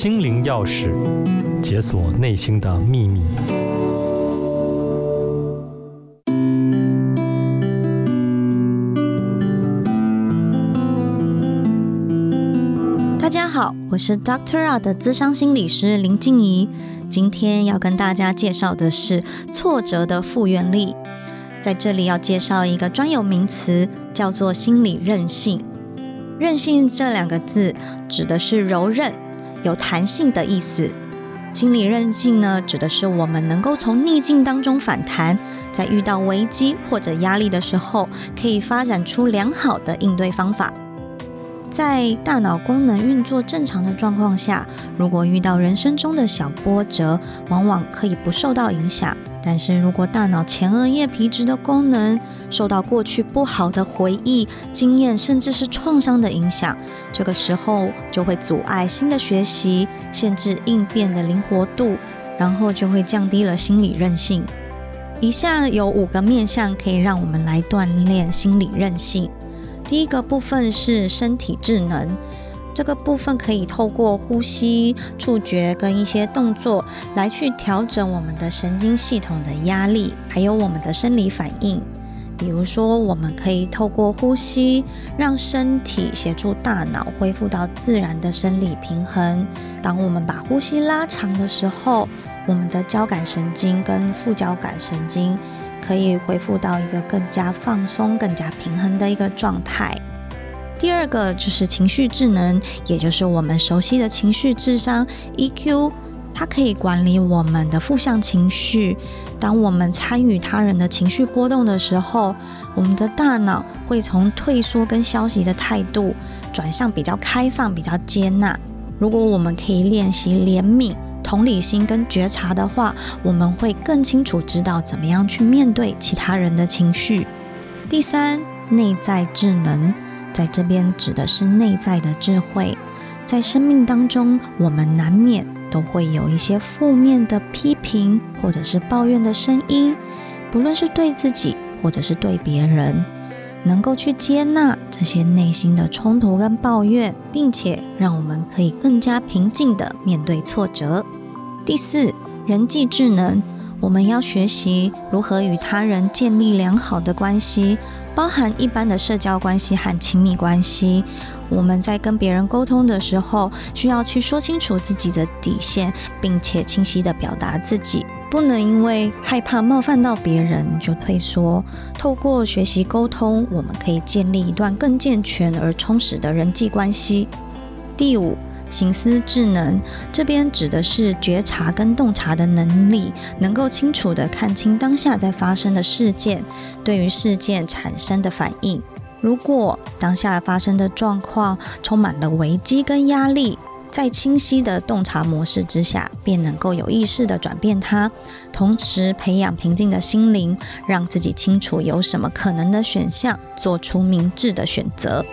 心靈鑰匙，解鎖內心的秘密。大家好，我是 Doctor R 的諮商心理師林靜怡。今天要跟大家介紹的是挫折的復原力。在這裡要介紹一個專有名詞，叫做心理韌性。韌性這兩個字指的是柔韌。有彈性的意思，心理韌性呢，指的是我們能夠從逆境當中反彈，在遇到危機或者壓力的時候，可以發展出良好的應對方法。在大腦功能運作正常的狀況下，如果遇到人生中的小波折，往往可以不受到影響。但是如果大腦前額葉皮質的功能受到過去不好的回憶、經驗，甚至是創傷的影響，這個時候就會阻礙新的學習，限制應變的靈活度，然後就會降低了心理韌性。以下有五個面向可以讓我們來鍛煉心理韌性。第一個部分是身體智能。這個部分可以透過呼吸、觸覺跟一些動作來去調整我們的神經系統的壓力，還有我們的生理反應。比如說，我們可以透過呼吸，讓身體協助大腦恢復到自然的生理平衡。當我們把呼吸拉長的時候，我們的交感神經跟副交感神經可以恢復到一個更加放鬆、更加平衡的一個狀態。第二個就是情緒智能，也就是我們熟悉的情緒智商 （EQ），它可以管理我們的負向情緒。當我們參與他人的情緒波動的時候，我們的大腦會從退縮跟消極的態度轉向比較開放、比較接納。如果我們可以練習憐憫、同理心跟覺察的話，我們會更清楚知道怎麼樣去面對其他人的情緒。第三，內在智能。在這邊指的是內在的智慧。在生命當中，我們難免都會有一些負面的批評或者是抱怨的聲音，不論是對自己或者是對別人，能夠去接納這些內心的衝突跟抱怨，並且讓我們可以更加平靜的面對挫折。第四，人際智能，我們要學習如何與他人建立良好的關係。包含一般的社交關係和親密關係，我們在跟別人溝通的時候，需要去說清楚自己的底線，並且清晰地表達自己，不能因為害怕冒犯到別人就退縮。透過學習溝通，我們可以建立一段更健全而充實的人際關係。第五。行思智能這邊指的是覺察跟洞察的能力，能夠清楚地看清當下在發生的事件，對於事件產生的反應。如果當下發生的狀況充滿了危機跟壓力，在清晰的洞察模式之下，便能夠有意識地轉變它，同時培養平靜的心靈，讓自己清楚有什麼可能的選項，做出明智的選擇。